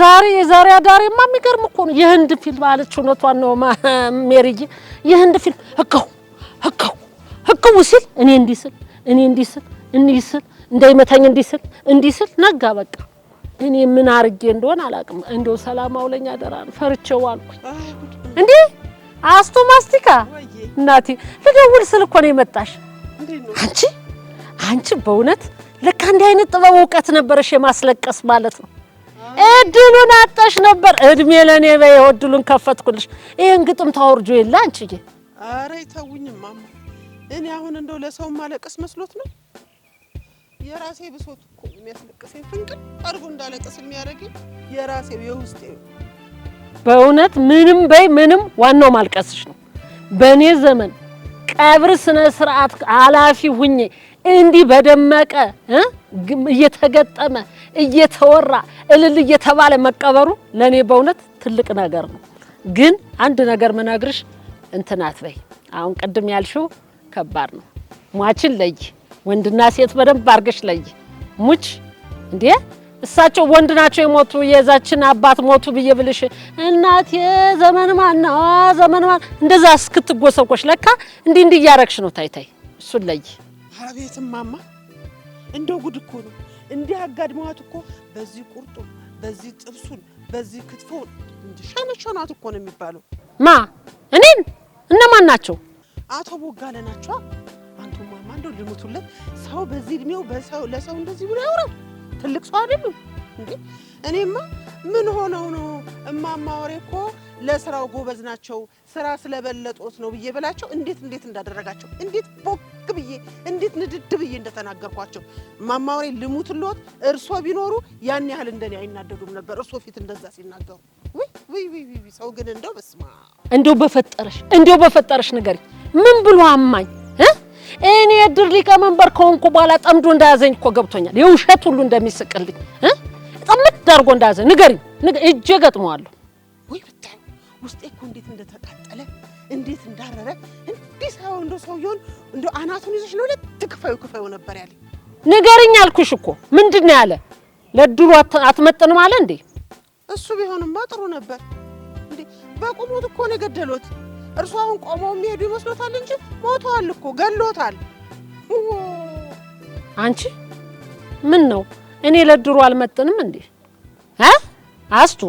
ዛሬ የዛሬ አዳሬማ የሚገርም እኮ ነው። የህንድ ፊልም አለች። እውነቷን ነው ሜሪዬ፣ የህንድ ፊልም ህከው ህከው ህከው ሲል እኔ እንዲህ ስል እኔ እንዲህ ስል እንዲህ ስል እንዳይመታኝ እንዲህ ስል እንዲህ ስል ነጋ። በቃ እኔ ምን አርጌ እንደሆነ አላውቅም። እንደው ሰላም አውለኝ አደራን ፈርቼው አልኩኝ። እንዴ አስቶ ማስቲካ እናቴ ልደውል ስል እኮ ነው የመጣሽ አንቺ አንቺ በእውነት ለካ እንዲህ አይነት ጥበብ እውቀት ነበረሽ የማስለቀስ ማለት ነው። እድሉን አጠሽ ነበር። እድሜ ለእኔ በይው፣ እድሉን ከፈትኩልሽ። ይህን ግጥም ታወርጆ የለ አንቺዬ። ኧረ ይተውኝም ማማ፣ እኔ አሁን እንደው ለሰው ማለቀስ መስሎት ነው። የራሴ ብሶት እኮ የሚያስለቅሰኝ ፍንቅል አድርጎ እንዳለቀስ የሚያደርገኝ የራሴው የውስጤ። በእውነት ምንም በይ ምንም፣ ዋናው ማልቀስሽ ነው። በእኔ ዘመን ቀብር ስነ ስርዓት ኃላፊ ሁኜ እንዲህ በደመቀ እየተገጠመ እየተወራ እልል እየተባለ መቀበሩ ለእኔ በእውነት ትልቅ ነገር ነው። ግን አንድ ነገር ምነግርሽ እንትናት አትበይ። አሁን ቅድም ያልሽው ከባድ ነው። ሟችን ለይ፣ ወንድና ሴት በደንብ አርገሽ ለይ። ሙች እንዴ እሳቸው ወንድ ናቸው የሞቱ የዛችን አባት ሞቱ ብዬ ብልሽ እናቴ ዘመን ማን ዘመን ማን እንደዛ እስክትጎሰቆሽ ለካ እንዲህ እንዲህ እያረግሽ ነው። ታይታይ እሱን ለይ። አቤት ማማ እንደው ጉድ እኮ ነው። እንዲህ አጋድመዋት እኮ በዚህ ቁርጡን፣ በዚህ ጥብሱን፣ በዚህ ክትፎ ሸነሸኗት እኮ ነው የሚባለው። ማ እኔን? እነማን ናቸው? አቶ ቦጋለ ናቸው። ማማ እንደ ልሙቱለት ሰው በዚህ እድሜው ለሰው እንደዚህ ብሎ ያውራል? ትልቅ ሰው አይደሉም እንዴ? እኔማ ምን ሆነው ነው እማማ ወሬ እኮ ለስራው ጎበዝ ናቸው፣ ስራ ስለበለጦት ነው ብዬ ብላቸው እንዴት እንዴት እንዳደረጋቸው እንዴት ፍንድቅ ብዬ እንዴት ንድድ ብዬ እንደተናገርኳቸው ማማወሬ ልሙት ልወት እርሶ ቢኖሩ ያን ያህል እንደኔ አይናደዱም ነበር። እርሶ ፊት እንደዛ ሲናገሩ ሰው ግን እንደው በስማ እንደው በፈጠረሽ እንደው በፈጠረሽ ንገሪኝ፣ ምን ብሎ አማኝ እኔ ድር ሊቀመንበር ከሆንኩ በኋላ ጠምዶ እንዳያዘኝ እኮ ገብቶኛል። የውሸት ሁሉ እንደሚስቅልኝ ጥምት አድርጎ እንዳያዘኝ ንገሪ፣ እጄ ገጥመዋለሁ ወይ ብታይ ውስጤ እኮ እንዴት እንደተቃጠለ እንዴት እንዳረረ እንዲህ ሰው እንደ ሰውየውን እንደ አናቱን ይዘሽ ለሁለት ክፈዩ ክፈዩ ነበር ያለ። ንገርኝ አልኩሽ እኮ ምንድን ነው ያለ? ለድሩ አትመጥንም አለ እንዴ? እሱ ቢሆንማ ጥሩ ነበር እንዴ። በቁሞት እኮ ነው የገደሉት። እርሱ አሁን ቆመው የሚሄዱ ይመስሎታል እንጂ ሞተዋል እኮ ገሎታል። አንቺ ምን ነው እኔ ለድሩ አልመጥንም እንዴ? አስቱ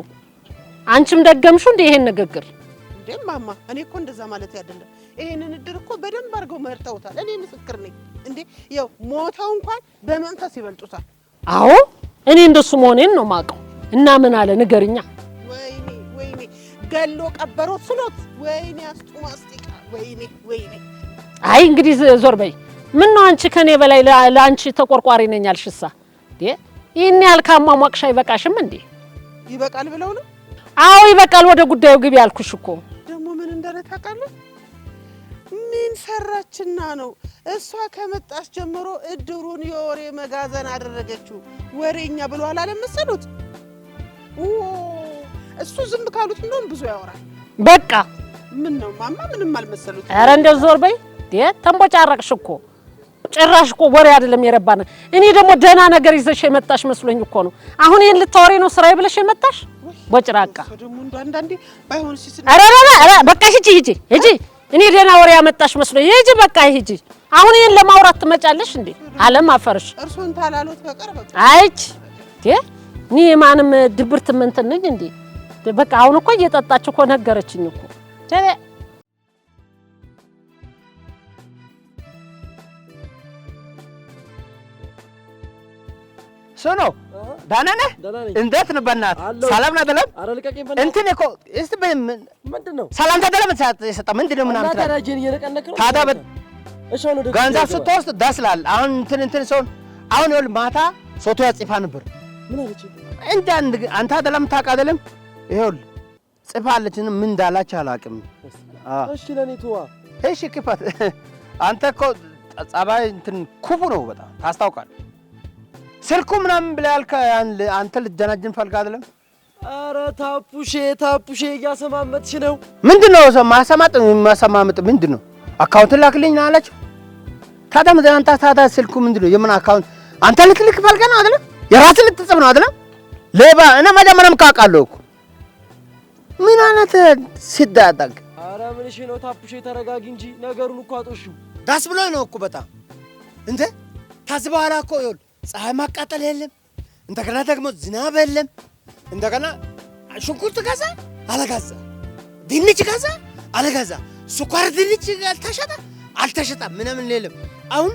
አንቺም ደገምሹ እንዴ ይሄን ንግግር እንዴ ማማ፣ እኔ እኮ እንደዛ ማለት አይደለም። ይሄንን እድር እኮ በደንብ አድርገው መርጠውታል። እኔ ምስክር ነኝ። እንዴ ያው ሞተው እንኳን በመንፈስ ይበልጡታል። አዎ እኔ እንደሱ መሆኔን ነው የማውቀው። እና ምን አለ ንገርኛ። ወይኔ ወይኔ፣ ገሎ ቀበሮ ስሎት፣ ወይኔ አስጡ ማስቲቃ፣ ወይኔ ወይኔ። አይ እንግዲህ ዞር በይ። ምን ነው አንቺ ከኔ በላይ ለአንቺ ተቆርቋሪ ነኝ አልሽሳ እንዴ? ይህን ያህል ካሟሟቅሽ አይበቃሽም እንዴ? ይበቃል ብለው ነው። አዎ ይበቃል። ወደ ጉዳዩ ግቢ አልኩሽ እኮ። እንደሆነ ታውቃለህ? ምን ሰራችና ነው? እሷ ከመጣች ጀምሮ እድሩን የወሬ መጋዘን አደረገችው። ወሬኛ ብሎ አላለመሰሉት። እሱ ዝም ካሉት እንደሆን ብዙ ያወራል። በቃ ምን ነው ማማ፣ ምንም አልመሰሉት። ኧረ እንደው ዞር በይ ተንቦጫረቅሽ እኮ ጭራሽ እኮ ወሬ አይደለም የረባነ። እኔ ደግሞ ደህና ነገር ይዘሽ የመጣሽ መስሎኝ እኮ ነው። አሁን ይህን ልታወሬ ነው ስራዬ ብለሽ የመጣሽ ቦጭራቃ በቃ ሂጂ ሂጂ ሂጂ። እኔ ደህና ወሬ ያመጣሽ ሂጂ በቃ ሂጂ። አሁን ይህን ለማውራት ትመጫለሽ እንዴ? አለም አፈርሽ። አይች እኔ የማንም ድብርት እንትን እንዴ? በቃ አሁን እኮ እየጠጣች እኮ ነገረችኝ እኮ ስኖ ደህና ነህ? እንዴት ነህ? በእናትህ ሰላም ነህ? አይደለም እንትን እኮ እስቲ ምንድን ነው ሰላምታ አይደለም የሰጠህ ምንድን ነው ምናምን ትላለህ። ታዲያ ገንዘብ ስትወስድ ደስ ይላል። አሁን እንትን እንትን ሰውን አሁን ይኸውልህ ማታ ሶቶ ያጽፋ ነበር እንደ አንተ አይደለም ታውቅ አይደለም ይኸውልህ ጽፋለች። ምን እንዳላች አላውቅም። እሺ እሺ፣ ክፈት። አንተ እኮ ፀባይ እንትን ክፉ ነው በጣም ታስታውቃለህ። ስልኩ ምናምን ብላ ያልከ አንተ ልትጀናጅን ፈልጋ አይደለም። አረ ታፑሼ ታፑሼ እያሰማመጥሽ ነው። ምንድን ነው ማሰማጥ ማሰማመጥ ምንድን ነው? አካውንትን ላክልኝ ነው ታዲያ አንተ ታዲያ ስልኩ ምንድን ነው? የምን አካውንት አንተ ልትልክ ፈልጋ ነው አይደለም። የራስን ልትጽፍ ነው አይደለም። ሌባ እኔ መጀመሪያም ካውቃለሁ እኮ ምን አይነት ሲዳጣቅ። አረ ምን ነው ታፑሼ ተረጋጊ እንጂ ነገሩን እኮ አጦሹ ዳስ ብሎኝ ነው እኮ በጣም እንዴ ታዝበኋላ እኮ ይኸውልህ ፀሐይ ማቃጠል የለም። እንደገና ደግሞ ዝናብ የለም። እንደገና ሽንኩርት ገዛ አለገዛ፣ ድንች ገዛ አለገዛ፣ ስኳር ድንች አልተሸጠ አልተሸጠ ምናምን የለም። አሁን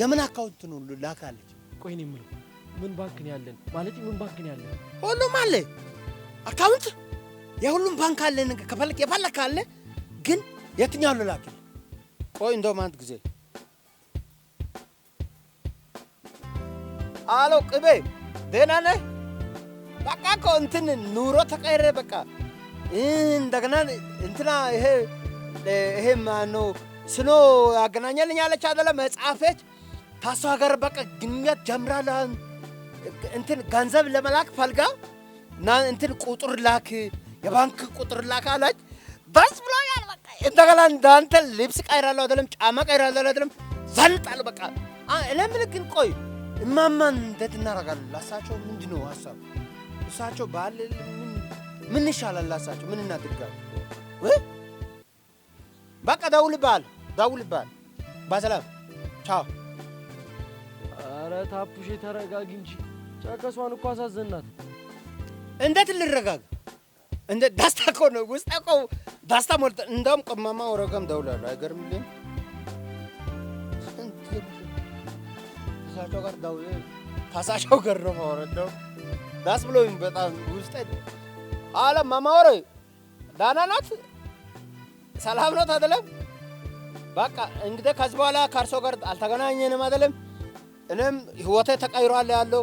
የምን አካውንትን ሁሉ ላካለች። ቆይ እኔ ምን ባንክ ነው ያለን? ማለት ምን ባንክ ነው ያለን? ሁሉም አለ አካውንት፣ የሁሉም ባንክ አለ። ከፈለክ የፈለክ አለ። ግን የትኛው ልላክ? ቆይ እንደውም አንድ ጊዜ አሎ ቅቤ ደህና ነህ? በቃ እኮ እንትን ኑሮ ተቀይረ። በቃ እንደገና እንትና ይሄ ይሄ ማኖ ስኖ ያገናኛልኝ አለች አደለ መጽሐፈች ታሷ ጋር በቃ ግንኙነት ጀምራላ። እንትን ገንዘብ ለመላክ ፈልጋ እና እንትን ቁጥር ላክ፣ የባንክ ቁጥር ላክ አለች። በስ ብሎ ያል በቃ እንደገና እንዳንተ ልብስ ቀይራለሁ አደለም፣ ጫማ ቀይራለሁ አደለም፣ ዘንጣል። በቃ ለምን ግን ቆይ እማማን እንዴት እናደርጋለን? ላሳቸው ምንድን ነው ሀሳብ? እሳቸው ባል ምን ይሻላል? ላሳቸው ምን እናድርጋለን? በቃ ደውል ባል ደውል ባል። በሰላም ቻው። አረ ታፑሽ ተረጋጊ እንጂ ጨከሷን እኮ አሳዘናት። እንዴት ልረጋግ? እንዴት ዳስታ እኮ ነው ውስጥ እኮ ዳስታ ሞልተ። እንደውም ቅመማ ወረገም ደውላለሁ አይገርምልኝ ከፍቼው ጋር ዳው ታሳሻው ጋር ነው ማወረደው ዳስ በጣም ውስጥ አለም ማማወረ ዳና ናት፣ ሰላም ናት አይደለም። በቃ እንግዲህ ከዚህ በኋላ ከእርሶ ጋር አልተገናኘንም አይደለም። እኔም ህይወቴ ተቀይሯል ያለው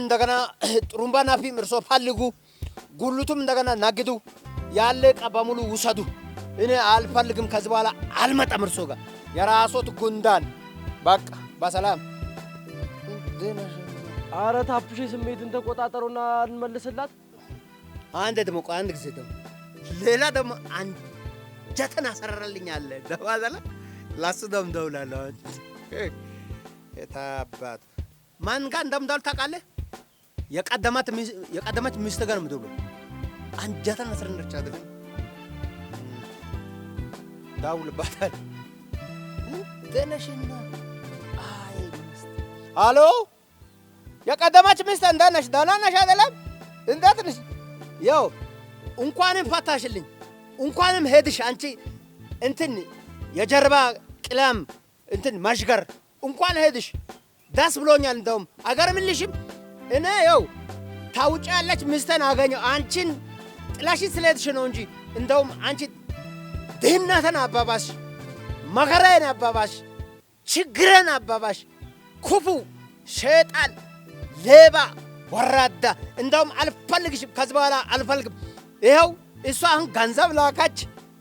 እንደገና ጥሩምባ ናፊም እርሶ ፈልጉ፣ ጉልቱም እንደገና ናግዱ፣ ያለ ዕቃ በሙሉ ውሰዱ። እኔ አልፈልግም፣ ከዚህ በኋላ አልመጣም እርሶ ጋር የራሶት ጉንዳን። በቃ በሰላም አረ ታፕሽ ስሜትን ተቆጣጠሩና እንመልስላት። አንዴ ደግሞ ቆይ አንድ ጊዜ ደግሞ ሌላ ደግሞ አንጀትን አሰረረልኝ አለ ደባዘላ ላሱ ደምደውላለሁ። የታባት ማን ጋር እንደምደውል ታውቃለህ? የቀደማት ሚስት ጋር ምደውል አንጀትን አስረንደች አድርግ ዳውልባታል ደነሽና አሎ የቀደመች ሚስት እንዴት ነሽ? ደህና ነሽ አይደለም? እንዴት ነሽ? ያው እንኳንም ፈታሽልኝ፣ እንኳንም ሄድሽ አንቺ እንትን የጀርባ ቅለም እንትን መሽገር እንኳን ሄድሽ ደስ ብሎኛል። እንደውም አገር እኔ ያው ታውጫ ያለች ሚስቴን አገኘው አንቺን ጥላሽን ስለሄድሽ ነው እንጂ እንደውም አንቺ ድህነትን አባባሽ፣ መከራዬን አባባሽ፣ ችግረን አባባሽ ክፉ፣ ሸጣን፣ ሌባ፣ ወራዳ እንዳውም አልፈልግሽም፣ ከዚህ በኋላ አልፈልግም። ይኸው እሷ አሁን ገንዘብ ላካች፣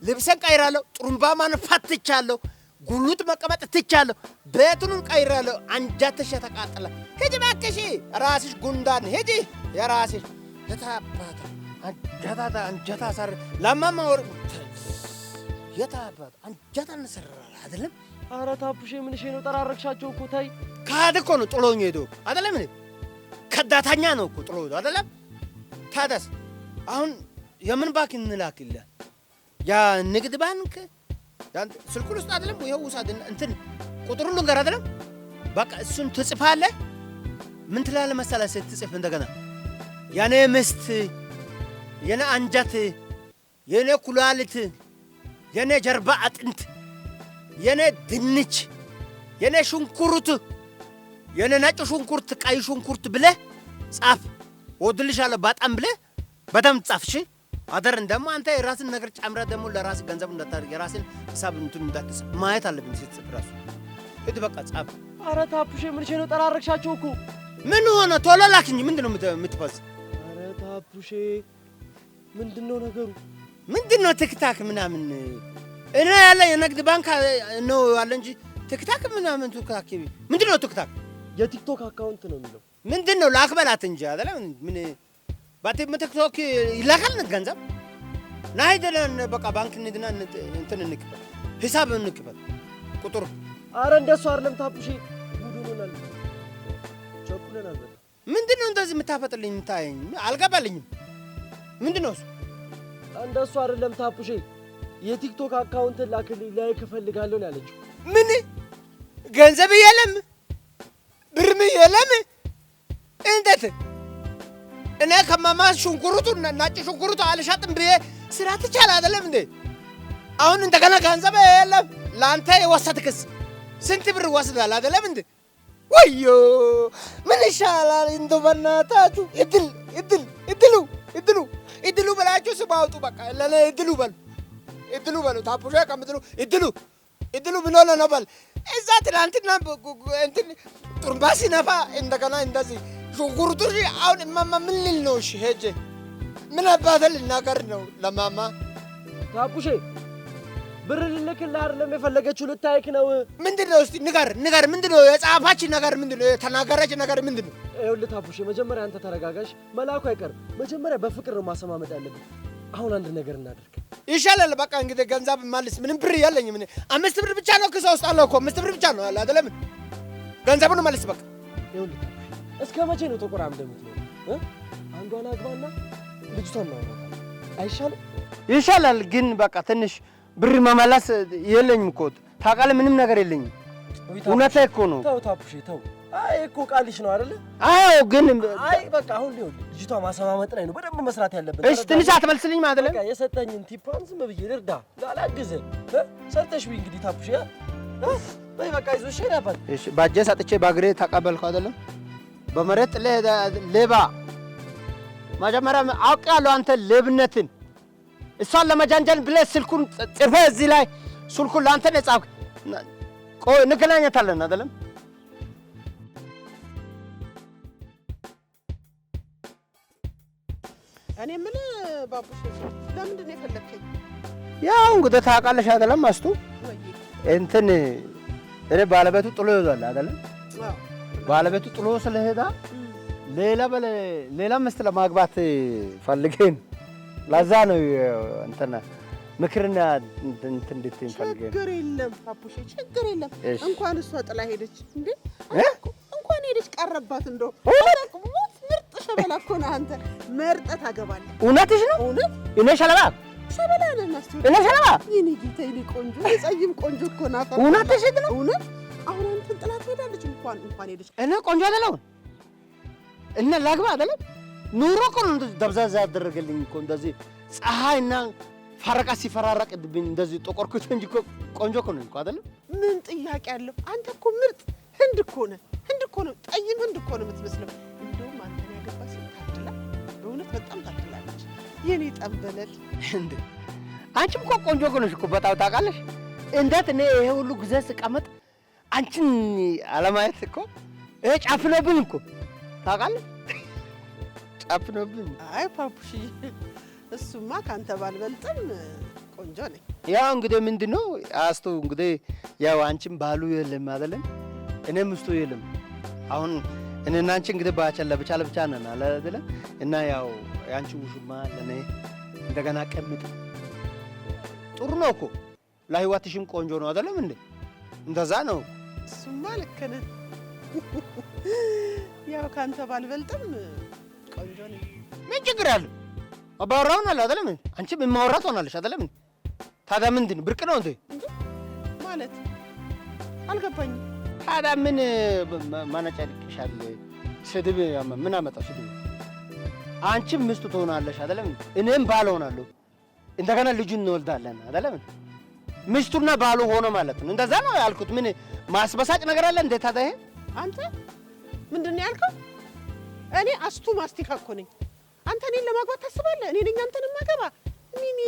ልብሰን ቀይራለሁ፣ ጥሩምባ ማንፋት ትቻለሁ፣ ጉሉት መቀመጥ ትቻለሁ፣ ቤቱንም ቀይራለሁ። አንጃትሽ ተቃጠለ። ሂጂ እባክሽ፣ ራስሽ ጉንዳን ሂጂ። የራስሽ የታባታ አንጀታታ አንጀታ ሰር ለማማ ወር አንጀታ እንሰራል አይደለም ኧረ ታፑሽ ምንሽ ነው? ጠራረግሻቸው እኮ ታይ ካድ እኮ ነው ጥሎኝ ሄዶ አይደለም። እኔ ከዳታኛ ነው እኮ ጥሎ ሄዶ አይደለም። ታዲያስ አሁን የምን ባንክ እንላክልህ? ያ ንግድ ባንክ ስልኩን ውስጥ አይደለም ይኸው ውሳድ እንትን ቁጥሩ ልንገር አይደለም። በቃ እሱን ትጽፋለህ። ምን ትላለህ መሰለህ ስትጽፍ እንደገና የኔ ምስት፣ የኔ አንጀት፣ የኔ ኩላሊት፣ የኔ ጀርባ አጥንት የኔ ድንች፣ የኔ ሽንኩርት፣ የኔ ነጭ ሽንኩርት፣ ቀይ ሽንኩርት ብለ ጻፍ። ወድልሻለሁ በጣም ብለ በደምብ ጻፍ። እሺ አደር እንደማ አንተ የራስን ነገር ጨምረህ ደግሞ ለራስ ገንዘብ እንዳታደርግ የራስን ሂሳብ እንትን እንዳትጽፍ ማየት አለብኝ። ስትጽፍ ራሱ እት በቃ ጻፍ። ኧረ ታፑሽ ምን ነው ጠራረግሻቸው እኮ ምን ሆነ? ቶሎ ላክኝ። ምንድን ነው የምትፈዝ? ኧረ ታፑሽ ምንድን ነው ነገሩ? ምንድን ነው ትክታክ ምናምን እና ያለ የንግድ ባንክ ነው ያለ እንጂ ትክታክ ምናምን ትክታክ ምንድን ነው ትክታክ? የቲክቶክ አካውንት ነው የሚለው ምንድን ነው? ላክበላት እንጂ አይደለ ምን ባቴ ቲክቶክ ይላካል ገንዘብ ናይደለን በቃ ባንክ ንድና እንትን እንክፈል፣ ሂሳብ እንክፈል ቁጥሩ። አረ እንደሱ አይደለም ታብሺ፣ ጉዱኑናል ቸኩለናል። ምንድን ነው እንደዚህ የምታፈጥልኝ? የምታየኝ አልገባልኝም። ምንድን ነው እሱ? እንደሱ አይደለም ታብሺ የቲክቶክ አካውንትን ላክልኝ ላይክ እፈልጋለሁ ነው ያለችው። ምን ገንዘብ የለም ብርም የለም እንዴት እኔ ከማማ ሽንኩርቱ ነጭ ሽንኩርቱ አልሻጥም ብዬ ስራ ትቻል አይደለም እንዴ? አሁን እንደገና ገንዘብ የለም ለአንተ የወሰድክስ ስንት ብር ወስዳል አይደለም እንዴ? ወዮ ምን ይሻላል እንዶ በናታችሁ እድል እድል እድሉ እድሉ እድሉ ብላችሁ ስም በቃ ለእኔ እድሉ በሉ። እድሉ በሉት አቡሻ ከምትሉ እድሉ እድሉ ብሎ ነው በል። እዛ ትናንትና እንትን ጡርንባ ሲነፋ እንደገና እንደዚህ ሽንኩርቱ አሁን እማማ ምን ልል ነው? እሺ ሄጄ ምን አባተ ልናገር ነው ለማማ ታቡሼ? ብር ልልክልህ አይደለም የፈለገችው ልታይክ ነው። ምንድን ነው እስቲ ንገር ንገር፣ ምንድን ነው የጻፋች ነገር ምንድን ነው የተናገረች ነገር ምንድን ነው? ይኸውልህ ታቡሼ፣ መጀመሪያ አንተ ተረጋጋሽ፣ መላኩ አይቀርም። መጀመሪያ በፍቅር ነው ማሰማመጥ ያለብን። አሁን አንድ ነገር እናደርግ ይሻላል። በቃ እንግዲህ ገንዘብ ማልስ ምንም ብር ያለኝ ምን አምስት ብር ብቻ ነው ክሰ ውስጥ አለው እኮ አምስት ብር ብቻ ነው አለ አይደለም። ነው ማልስ በቃ። እስከ መቼ ነው ጥቁር አምደ የምትኖረው? አንዷን አግባና ልጅቷን ነው አይሻልም? ይሻላል፣ ግን በቃ ትንሽ ብር መመለስ የለኝም እኮ ታውቃለህ። ምንም ነገር የለኝም። እውነቴ እኮ ነው። ተው ታፑሽ ተው አይ እኮ ቃልሽ ነው አይደለ? አዎ። ግን አይ በቃ አሁን ሊሆን ልጅቷ ማሰማመጥ ላይ ነው በደንብ መስራት ያለብን። እሺ፣ ትንሽ አትመልስልኝም አይደለ? በቃ የሰጠኝን ቲፓን ዝም ብዬ ልርዳ ላላግዝ ሰርተሽ ቢ እንግዲህ ታፑሽ ያ ወይ በቃ ያባል። እሺ፣ ሰጥቼ ባግሬ ተቀበልኩ በመሬት ሌባ መጀመሪያ አንተ ሌብነትን እሷን ለመጃንጃን ብለህ ስልኩን ጽፈህ እዚህ ላይ ስልኩን ለአንተ ነው የጻፍክ። እንገናኘታለን አይደለም እኔ ምን ባቡሽ፣ ለምንድን የፈለግከኝ? ያው እንግዲህ ታውቃለሽ አይደለም አስቱ እንትን እኔ ባለቤቱ ጥሎ ይዟል አይደለም። ባለቤቱ ጥሎ ስለሄዳ ሌላ በለ ሌላ ሚስት ለማግባት ፈልገን ለዛ ነው እንትና ምክርና እንትን እንድትይኝ ፈልገን። ችግር የለም ፓፑሽ፣ ችግር የለም። እንኳን እሷ ጥላ ሄደች እንዴ፣ እንኳን ሄደች ቀረባት እንደው ሸበላ እኮ ነህ አንተ። መርጠህ ታገባለህ። እውነትሽ ነው። እውነት እኔ ሸለባ ሸበላ ነናስ እኔ ሸለባ ይህን ጌታ ይኔ ቆንጆ የጸይም ቆንጆ እኮ ናት። እውነትሽ ነው። እውነት አሁን አንተን ጥላት ሄዳለች። እንኳን እንኳን ሄደች። እኔ ቆንጆ አይደለሁም እና ላግባ አይደለም ኑሮ እኮ ነው ደብዛዛ ያደረገልኝ እኮ እንደዚህ ፀሐይና ፈረቃ ሲፈራረቅብኝ እንደዚህ ጠቆርኩት እንጂ እኮ ቆንጆ እኮ ነኝ እኮ አይደለም። ምን ጥያቄ አለው? አንተ እኮ ምርጥ ህንድ እኮ ነህ። ህንድ እኮ ነው፣ ጠይም ህንድ እኮ ነው የምትመስለው። እውነት በጣም ታክላለች። የኔ ጠንበለል እንደ አንቺም እኮ ቆንጆ ሆነሽ እኮ በጣም ታውቃለሽ። እንዴት እኔ ይሄ ሁሉ ጊዜ ስቀመጥ አንቺን አለማየት እኮ ይሄ ጫፍነብኝ እኮ ታውቃለሽ፣ ጫፍነብኝ። አይ ፓፑሽዬ፣ እሱማ ከአንተ ባልበልጥም ቆንጆ ነኝ። ያው እንግዲህ ምንድን ነው አስቶ እንግዲህ ያው አንቺም ባሉ የለም አይደለም፣ እኔም እስቶ የለም አሁን እኔና አንቺ እንግዲህ ባቸለ ለብቻ ለብቻ ነን አለ አይደለ? እና ያው የአንቺ ውሽማ ለኔ እንደገና ቀምጥ ጥሩ ነው እኮ ለህይወትሽም ቆንጆ ነው አይደለም እንዴ? እንደዛ ነው። እሱማ ልክ ነህ። ያው ካንተ ባልበልጥም ቆንጆ ነኝ። ምን ችግር አለ አባራውን አለ አይደለም? አንቺም የማወራት ሆናለሽ አይደለም? ታዲያ ምንድን ብርቅ ነው እንዴ? ማለት አልገባኝም ታዲያ ምን ማነጫነጭሻል? ስድብ ምን አመጣ? ስድብ? አንቺም ምስቱ ትሆናለሽ አይደለም? እኔም ባል ሆናለሁ። እንደገና ልጁን እንወልዳለን አይደለም? ምስቱና ባሉ ሆኖ ማለት ነው። እንደዛ ነው ያልኩት። ምን ማስበሳጭ ነገር አለ እንዴ? ታዲያ ይሄ አንተ ምንድን ነው ያልከው? እኔ አስቱ ማስቲካ እኮ ነኝ። አንተ እኔን ለማግባት ታስባለህ? እኔ ነኝ አንተን ማገባ ሚኒ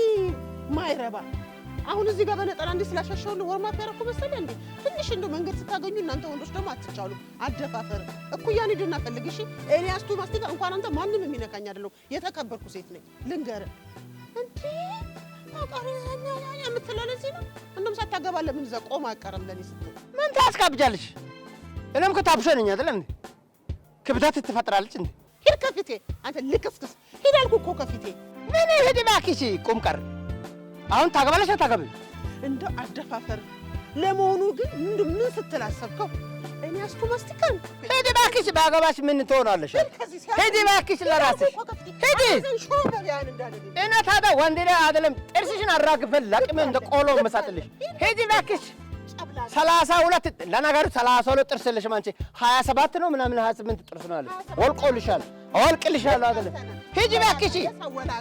ማይረባ አሁን እዚህ ጋር በነጠላ እንዲህ ስላሻሻሁልህ ወርማ ያረኩ መሰለ እንዴ? ትንሽ እንደው መንገድ ስታገኙ እናንተ ወንዶች ደግሞ አትቻሉ። አደፋፈር እኩያ ሂድና ፈልግ። እሺ እኔ አስቱ ማስቲካ እንኳን አንተ ማንም የሚነካኝ አይደለሁ። የተከበርኩ ሴት ነኝ። ልንገር እንዴ የምትለው ለዚህ ነው። ሳታገባ ለምን እዛ አቀረም ለኔ ምን ታስካብጃለሽ? እኔም ነኝ እንዴ? ክብደት ትፈጥራለች እንዴ? ሂድ ከፊቴ አንተ ልክስክስ። ሂድ እኮ ከፊቴ ምን ሂድ እባክሽ ቁም ቀር አሁን ታገባለሽ አታገቢ? እንደ አደፋፈር ለመሆኑ ግን ምንድ ምን ስትል አሰብከው? እኔ አስኩ ማስቲካን ሂድ እባክሽ። ባገባሽ ምን ትሆናለሽ? ሂድ እባክሽ ለራስሽ ሂድ። እና ታዲያ ወንድ ላይ አይደለም ጥርስሽን አራግፈን ለቅሜ እንደ ቆሎ መሳጥልሽ። ሂድ እባክሽ። ሰላሳ ሁለት ለነገሩ ሰላሳ ሁለት ጥርስ የለሽም አንቺ ሀያ ሰባት ነው ምናምን ሀያ ስምንት ጥርስ ነው ያለሽ። ወልቆልሻል አወልቅልሻለሁ አለ። ሂጂ እባክሽ።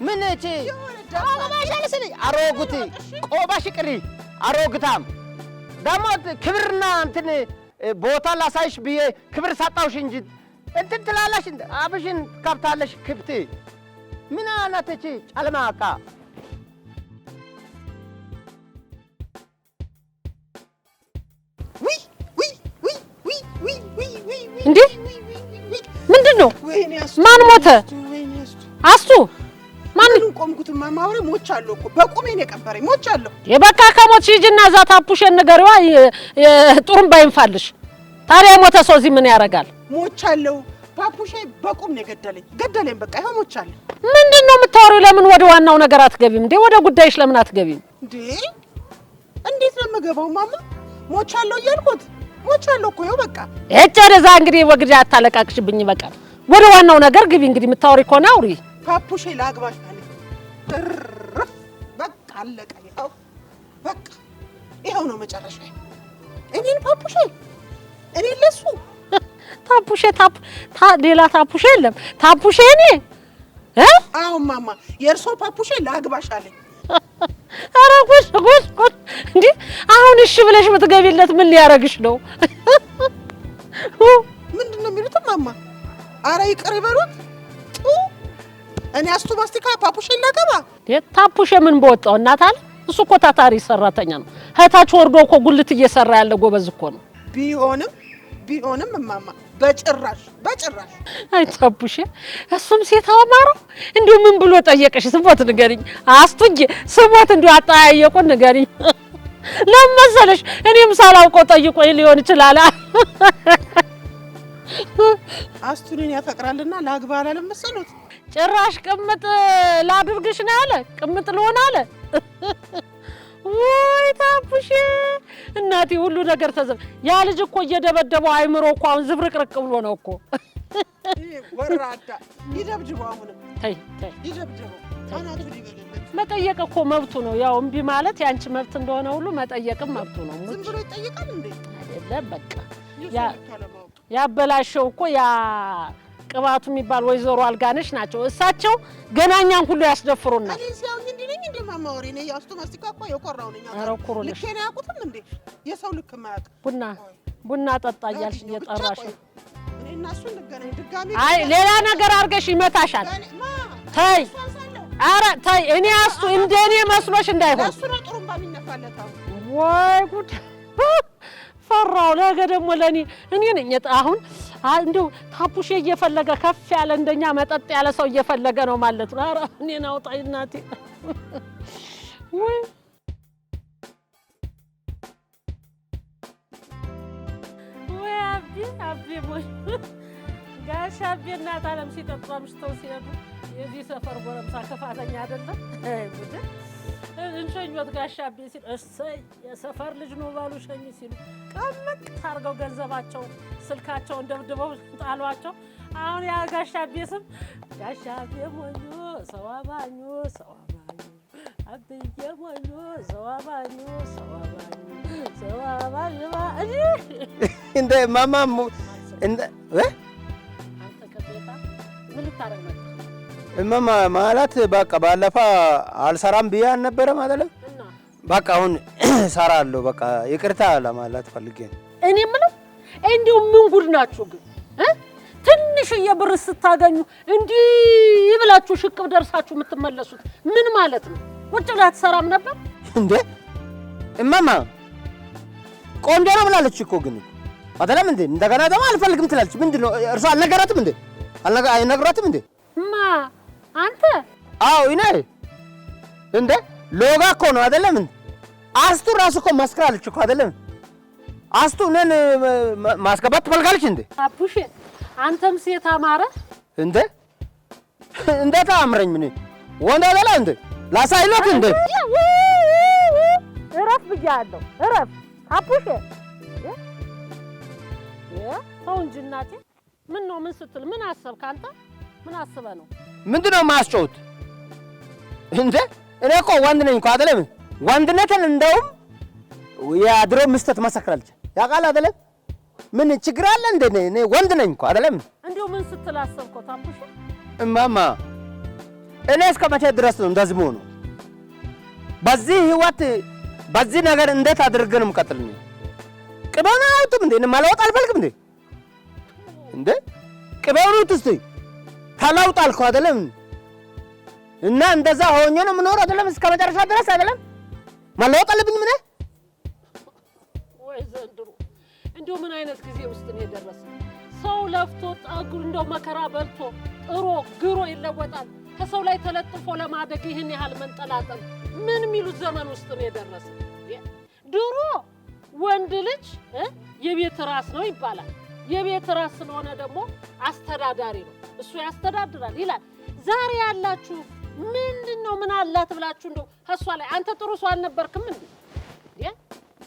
ምን እቺ አሮጉት ቆባሽ ቅሪ አሮግታም ደግሞ ክብርና እንትን ቦታ ላሳይሽ ብዬ ክብር ሳጣውሽ እንጂ እንትን ትላለሽ፣ አብሽን ክብት ምን አይነት እቺ እንዴ! ነው? ማን ሞተ? አስቱ ማን ቆምኩትማ? ማውሬ ሞቻለሁ እኮ በቁሜ ነው የቀበረኝ። ሞቻለሁ። የበቃ ከሞት ሂጂና እዛ ታፑሽን ንገሪዋ፣ ጥሩምባ ይንፋልሽ። ታዲያ የሞተ ሰው እዚህ ምን ያደርጋል? ሞቻለሁ። ባፑሼ በቁም ነው የገደለኝ። ገደለኝ። በቃ ይኸው ሞቻለሁ። ምንድን ነው የምታወሪው? ለምን ወደ ዋናው ነገር አትገቢም እንዴ? ወደ ጉዳይሽ ለምን አትገቢም እንዴ? እንዴት ነው የምገባው? ማማ ሞቻለሁ እያልኩት ሞቻለሁ እኮ ይኸው በቃ። እጭ ወደዛ እንግዲህ ወግድ አታለቃቅሽብኝ። ይበቃል። ወደ ዋናው ነገር ግቢ። እንግዲህ የምታወሪ ከሆነ አውሪ። ፓፑሽ ላግባሽ አለ። በቃ አለቀ። ይኸው በቃ ይኸው ነው መጨረሻ። እኔን ፓፑሽ እኔ ለሱ ታፑሽ ታፕ ታ ሌላ ታፑሽ የለም። ታፑሽ እኔ እ አዎ ማማ የእርሶ ፓፑሽ ላግባሽ አለ። ኧረ ጉድ ጉድ ጉድ! እንዴ አሁን እሺ ብለሽ ምትገቢለት ምን ሊያረግሽ ነው? ምንድን ነው የሚሉት ማማ አረ ይቅር ይበሉት። እኔ አስቱ ማስቲካ ፓፑሽ እናገባ ታፑሽ ምን በወጣው እናታል። እሱ እኮ ታታሪ ሰራተኛ ነው። እህታች ወርዶ እኮ ጉልት እየሰራ ያለ ጎበዝ እኮ ነው። ቢሆንም ቢሆንም እማማ በጭራሽ በጭራሽ። አይ ታፑሽ፣ እሱም ሴት አማረው እንዲሁ ምን ብሎ ጠየቀሽ? ስሞት ንገሪኝ አስቱ እንጂ ስሞት እንዲሁ አጠያየቁን ንገሪኝ። ለምን መሰለሽ እኔም ሳላውቀው ጠይቆኝ ሊሆን ይችላል። አስቱንን ያፈቅራልና ላግባ አላለም መሰሉት። ጭራሽ ቅምጥ ላድርግሽ ነው አለ። ቅምጥ ልሆን አለ። ወይ ታቡሽ እናቴ፣ ሁሉ ነገር ተዘብ ያ ልጅ እኮ እየደበደበው አይምሮ እኮ አሁን ዝብርቅርቅ ብሎ ነው እኮ መጠየቅ እኮ መብቱ ነው። ያው እምቢ ማለት ያንቺ መብት እንደሆነ ሁሉ መጠየቅም መብቱ ነው። ዝም ብሎ ይጠይቃል እንዴ? አይደለም በቃ ያበላሸው እኮ ያ ቅባቱ የሚባል ወይዘሮ አልጋነሽ ናቸው። እሳቸው ገናኛን ሁሉ ያስደፍሩናል። የሰው ልክ ቡና ቡና ጠጣ እያልሽ እየጠራሽ አይ ሌላ ነገር አድርገሽ ይመታሻል። ተይ አረ ተይ። እኔ አስቱ እንደኔ መስሎሽ እንዳይሆን ወይ ጉድ ፈራው። ነገ ደግሞ ለእኔ እኔ ነኝ አሁን እንዲሁ ታፑሽ እየፈለገ ከፍ ያለ እንደኛ መጠጥ ያለ ሰው እየፈለገ ነው ማለት ነው። ኧረ እኔን አውጣኝ እናቴ። ጋሽ አቤ እናት አለም ሲጠጡ አምሽተው ሲሄዱ የዚህ ሰፈር ጎረምሳ ክፋተኛ አይደለም። እንሸኞት ጋሻቤ ሲል እሰይ የሰፈር ልጅ ነው ባሉ ሸኝ ሲሉ ቀምቅ ታርገው ገንዘባቸው ስልካቸውን ደብድበው ጣሏቸው። አሁን ያ ጋሻቤ ስም ጋሻቤ ሞኞ ሰው አማኙ ሰው አማኙ አብዬ ሞኞ ሰው አማኙ ሰው አማኙ ሰው አማኙ እንደ ማማ እንደ አንተ ከቤታ ምን ልታረግ ነው እመማ ማለት በቃ ባለፋ አልሰራም ብዬ አልነበረ ማለት በቃ አሁን እሰራለሁ። በቃ ይቅርታ ለማለት ፈልጌ ነው። እኔ የምለው እንዲሁ ምን ጉድ ናችሁ ግን ትንሽዬ ብር ስታገኙ እንዲህ ብላችሁ ሽቅብ ደርሳችሁ የምትመለሱት ምን ማለት ነው? ቁጭ ብላ ትሰራም ነበር እንዴ? እማማ ቆንጆ ነው ብላለች እኮ ግን አደለም እንዴ? እንደገና ደግሞ አልፈልግም ትላለች። ምንድን ነው እርሷ አልነገራትም እንዴ? አይነግሯትም እንዴ ማ አንተ? አዎ ይኔ እንደ ሎጋ እኮ ነው አይደለም። አስቱ ራሱ እኮ ማስከራለች እኮ አይደለም። አስቱ እኔን ማስገባት ትፈልጋለች እንዴ? አቡሽ አንተም ሴት አማረ እንዴ? እንዴት አምረኝ ምን ወንድ አይደለ እንዴ? ላሳይሎት እንዴ? እረፍ ብያለሁ። እረፍ አቡሽ ሰው እንጂ እናቴ ምን ነው ምን ስትል ምን አሰብክ አንተ? ምን አስበህ ነው? ምንድን ነው የማስጮሁት? እንደ እኔ እኮ ወንድ ነኝ እኮ አይደለም። ወንድነትን እንደውም የድሮ ምስተት መሰክራለች ያውቃል አይደለም። ምን ችግር አለ እንደ እኔ ወንድ ነኝ እኮ አይደለም። እንዲሁ ምን ስትል አሰብከው? ታምሽ እማማ፣ እኔ እስከ መቼ ድረስ ነው እንደዚህ መሆኑ? በዚህ ህይወት በዚህ ነገር እንዴት አድርገን ምቀጥል? ቅቤውን አያውጡም እንዴ? መለወጥ አልፈልግም እንዴ? እንዴ ቅቤውን ውጥ እስቲ ተለውጥ አልኩ አይደለም እና እንደዛ ሆኜ ነው የምኖረው አይደለም እስከ መጨረሻ ድረስ አይደለም መለወጥ አለብኝ ምን ወይ ዘንድሮ እንደው ምን አይነት ጊዜ ውስጥ ነው የደረስነው ሰው ለፍቶ ጠጉር እንደው መከራ በልቶ ጥሮ ግሮ ይለወጣል ከሰው ላይ ተለጥፎ ለማደግ ይህን ያህል መንጠላጠል ምን የሚሉት ዘመን ውስጥ ነው የደረሰ? ድሮ ወንድ ልጅ የቤት ራስ ነው ይባላል የቤት ራስ ስለሆነ ደግሞ አስተዳዳሪ ነው እሱ ያስተዳድራል ይላል። ዛሬ ያላችሁ ምንድን ነው? ምን አላት ብላችሁ እንደው ከእሷ ላይ አንተ ጥሩ ሰው አልነበርክም እንዴ?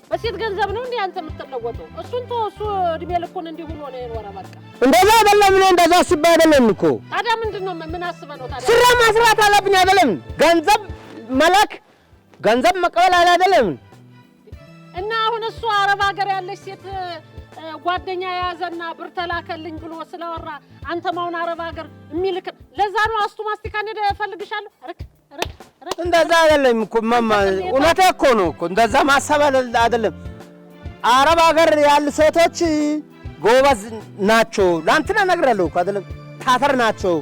በሴት ገንዘብ ነው እንዴ አንተ የምትለወጠው? እሱን ተወው። እሱ እድሜ ልኩን እንዲሁ ብሎ የኖረ። በቃ እንደዛ አይደለም። እኔ እንደዛ አስቤ አይደለም እኮ። ታዲያ ምንድን ነው? ምን አስበህ ነው ታዲያ? ስራ ማስራት አለብኝ አይደለም? ገንዘብ መላክ ገንዘብ መቀበል አይደለም? እና አሁን እሱ አረብ ሀገር ያለች ሴት ጓደኛ የያዘና ብር ተላከልኝ ብሎ ስለወራ አንተ ማውን አረብ ሀገር የሚልክ ለዛ ነው። አስቱ ማስቲካ እንደደ እፈልግሻለሁ። ርክ ርክ ርክ። እንደዛ አይደለም እኮ ማማ፣ እውነቴ እኮ ነው እኮ እንደዛ ማሰብ አይደለም። አረብ ሀገር ያሉ ሴቶች ጎበዝ ናቸው። ላንትና እነግርሃለሁ እኮ አይደለም፣ ታተር ናቸው።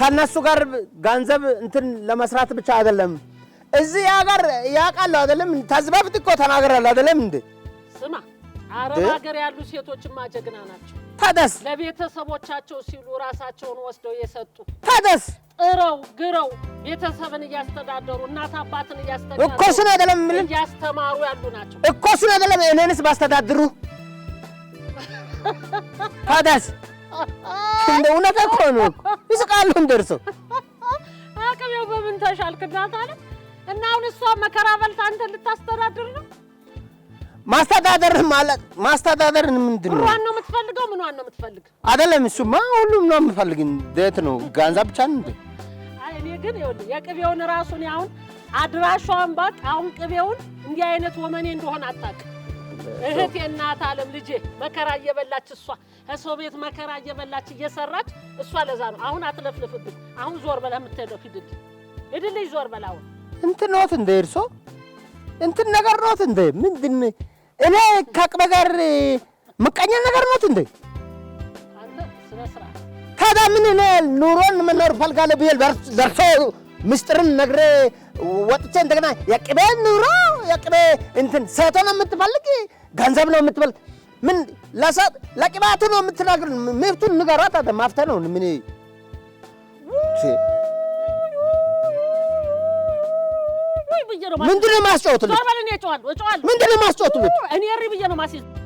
ከነሱ ጋር ገንዘብ እንትን ለመስራት ብቻ አይደለም። እዚህ ያገር ያውቃለሁ አይደለም። ተዝበብት እኮ ተናግራለሁ አይደለም እንዴ አረብ ሀገር ያሉ ሴቶችማ ጀግና ናቸው። ታደስ ለቤተሰቦቻቸው ሲሉ ራሳቸውን ወስደው የሰጡ ታደስ ጥረው ግረው ቤተሰብን እያስተዳደሩ እናት አባትን እያስተዳደሩ እኮ እሱን አይደለም የምልህ እያስተማሩ ያሉ ናቸው እኮ እሱን አይደለም እኔንስ ባስተዳድሩ ታደስ እንደ እውነት እኮ ነው ይስቃሉ እንደርሶ በምን ተሻልክ እናት አለ እና አሁን እሷ መከራ በልታ አንተን ልታስተዳድር ነው ማስተዳደር ማለት ማስተዳደር ምንድን ነው? ነው የምትፈልገው ምን ነው የምትፈልግ አይደለም። እሱማ ሁሉም ነው የምፈልግ። እንዴት ነው ጋንዛ ብቻ ነው? እንዴ? አይ እኔ ግን ይኸውልህ የቅቤውን ራሱን አሁን አድራሿን ባቅ አሁን ቅቤውን እንዲህ አይነት ወመኔ እንደሆነ አጣቅ እህቴ እናት አለም ልጄ መከራ እየበላች እሷ ከሰው ቤት መከራ እየበላች እየሰራች እሷ ለዛ ነው አሁን አትለፍልፍብኝ። አሁን ዞር በላ የምትሄደው ሂድልኝ ሂድልኝ ዞር በላ አሁን እንትኖት እንደ እርሶ እንትን ነገር ነውት እንደ ምንድን እኔ ከአቅሜ ጋር ምቀኛ ነገር ነውት እንደ ታዲያ ምን እኔ ኑሮን መኖር ፈልጋለሁ ብዬ ደርሶ ምስጢርን ነግሬ ወጥቼ እንደገና የቅቤ ኑሮ የቅቤ እንትን ሴቶ ነው የምትፈልግ ገንዘብ ነው የምትፈልግ ምን ለቅባቱ ነው የምትናግር መብቱን ንገሯት። ማፍተ ነው ምን ምንድን ነው የማስጫወትልህ? ምንድን ነው የማስጫወትልህ? እኔ እሪ ብዬ ነው የማስይዝ